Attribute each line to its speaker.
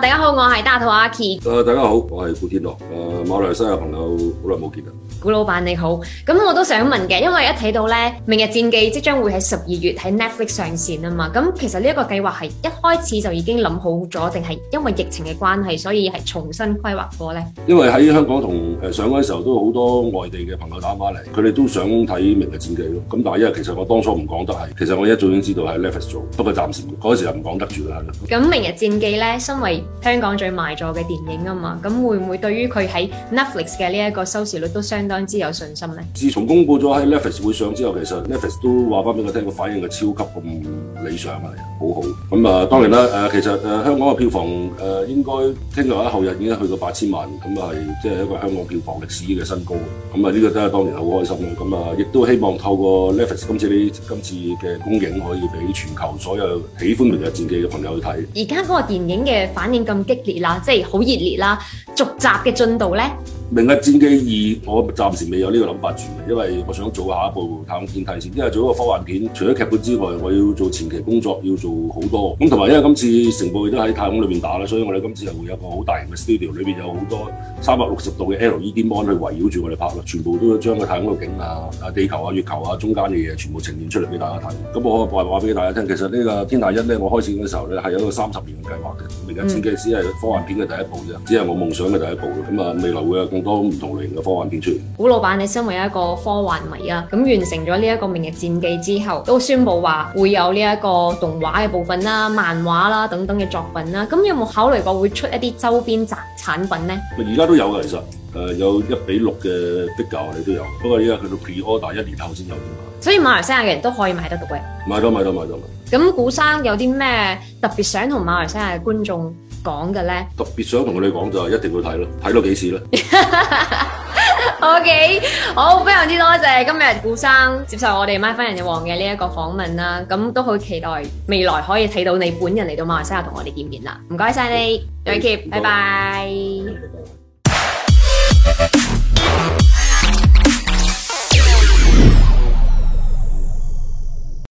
Speaker 1: 大家好，我係大肚阿 K。誒、啊，
Speaker 2: 大家好，我係古天樂。誒、啊，馬來西亞朋友好
Speaker 1: 耐冇見啦。古老闆你好，咁我都想問嘅，因為一睇到咧《明日戰記》即將會喺十二月喺 Netflix 上線啊嘛。咁其實呢一個計劃係一開始就已經諗好咗，定係因為疫情嘅關係，所以係重新規劃過咧？
Speaker 2: 因為喺香港同誒上嗰陣時候，都好多外地嘅朋友打翻嚟，佢哋都想睇《明日戰記》咯。咁但係因為其實我當初唔講得係，其實我一早已經知道喺 Netflix 做，不過暫時嗰時又唔講得住啦。
Speaker 1: 咁《明日戰記》咧，身為香港最賣座嘅電影啊嘛，咁會唔會對於佢喺 Netflix 嘅呢一個收視率都相當之有信心呢？
Speaker 2: 自從公布咗喺 Netflix 會上之後，其實 Netflix 都話翻俾我聽，個反應係超級咁理想嘅，好好。咁啊，當然啦，誒其實誒香港嘅票房誒應該聽到啦，後日已經去到八千萬，咁係即係一個香港票房歷史嘅新高。咁啊，呢個真係當然好開心啦。咁啊，亦都希望透過 Netflix 今次你今次嘅公映，可以俾全球所有喜歡《明日戰記》嘅朋友去睇。而
Speaker 1: 家嗰個電影嘅反咁激烈啦，即係好熱烈啦，續集嘅進度咧？
Speaker 2: 《明日戰機二》，我暫時未有呢個諗法住，因為我想做下一部太空片，提前，因為做一個科幻片，除咗劇本之外，我要做前期工作，要做好多。咁同埋，因為今次成部都喺太空裏面打啦，所以我哋今次又會有個好大型嘅 studio，裏面有好多三百六十度嘅 LED man 去圍繞住我哋拍咯，全部都將個太空嘅景啊、啊地球啊、月球啊、中間嘅嘢全部呈現出嚟俾大家睇。咁我係話俾大家聽，其實個呢個《天下一》咧，我開始嘅時候咧係有一個三十年嘅計劃嘅，《明日戰記》只係科幻片嘅第一部啫，只係我夢想嘅第一部。咁啊，未來會有多唔同類型嘅科幻片出。
Speaker 1: 古老闆，你身為一個科幻迷啦，咁完成咗呢一個明日戰記之後，都宣佈話會有呢一個動畫嘅部分啦、漫畫啦等等嘅作品啦，咁有冇考慮過會出一啲周邊集產品咧？
Speaker 2: 而家都有噶，其實誒有一比六嘅 figure，你都有，不過依家去到 pre order 一年後先有嘅嘛。
Speaker 1: 所以馬來西亞嘅人都可以買得到嘅，
Speaker 2: 買到買到買到。
Speaker 1: 咁古生有啲咩特別想同馬來西亞嘅觀眾講嘅咧，
Speaker 2: 特別想同佢哋講就係一定要睇咯，睇到幾時咧
Speaker 1: ？OK，好，非常之多謝今日顧生接受我哋 myfun 人嘅王嘅呢一個訪問啦，咁都好期待未來可以睇到你本人嚟到馬來西亞同我哋見面啦，唔該晒，你，yeah keep，拜拜。